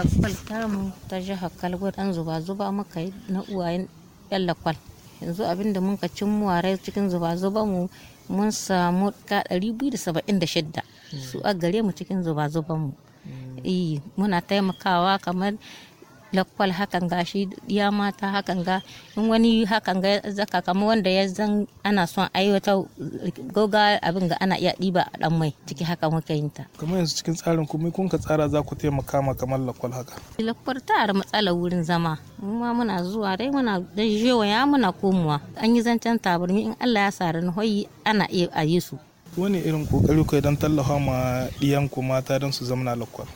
lakwal tamu ta jihar kalgo dan zuba zuba muka yi na uwayen yan lakwal yanzu abinda mun ka cin muwarai cikin zuba zuba mu mun samu ka 276 su a gare mu cikin zuba zuba mu mm. muna taimakawa kamar lakwal hakan ga shi ya mata hakan ga in wani hakan ga zaka kamar wanda ya zan ana son aiwata goga abin ga ana iya ɗiba a dan mai ciki haka muke yin ta kamar yanzu cikin tsarin kuma kun ka tsara za ku taimaka ma kamar lakwal haka lakwal ta har matsalar wurin zama ma muna zuwa dai muna da ya muna komowa an yi zancen tabarmi in Allah ya sari na hoyi ana iya a yi su wani irin kokari ku don tallafa ma ku mata don su zama lakwal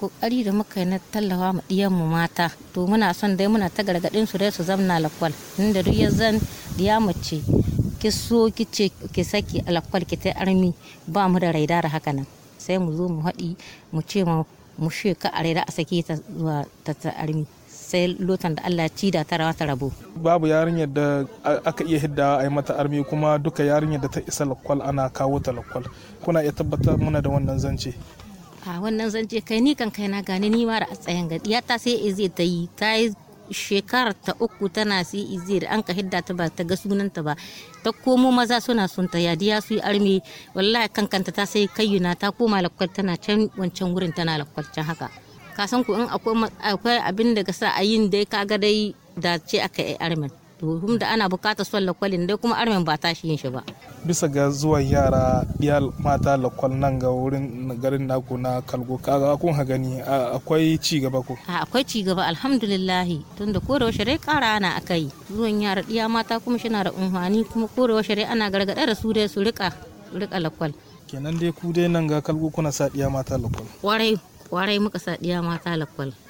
kokari da muka yi na tallafa mu diyan mu mata to muna son dai muna ta gargadin su dai su zamna lakwal inda duk ya zan diya mace ki so ki ce ki saki alakwal ki ta armi ba mu da raida da haka nan sai mu zo mu haɗi mu ce ma mu ka a raida a saki ta zuwa ta ta armi sai lotan da Allah ci da tarawa ta rabo. Babu yarinyar da aka iya hidda a yi mata armi kuma duka yarinya da ta isa lakwal ana kawo ta lakwal. Kuna iya tabbatar muna da wannan zance. a wannan zance kai ni kan kai na gane ni ma da tsayan gadi ya ta sai ize ta yi ta yi shekara ta uku tana sai ize da an ka hidda ta ba ta ga sunanta ba ta komo maza suna sun ta yadi ya su yi arme wallahi kankanta ta sai kayyuna ta koma lakwal tana can wancan wurin tana lakwal can haka ka san ku in akwai abin da ka sa a yin dai ga dai da ce aka yi armen to da ana bukata son lakwalin dai kuma armin ba ta shi yin shi ba bisa ga zuwan yara ya mata lakwal nan ga wurin garin naku na kalgo kaga kun ha gani akwai ci gaba ko akwai ci gaba alhamdulillah tunda ko da shari'a kara ana akai zuwan yara diya mata kuma shi na da umhani kuma ko da shari'a ana gargada da su dai su rika rika lakwal kenan dai ku dai nan ga kalgo kuna sa diya mata lakwal warai warai muka sa diya mata lakwal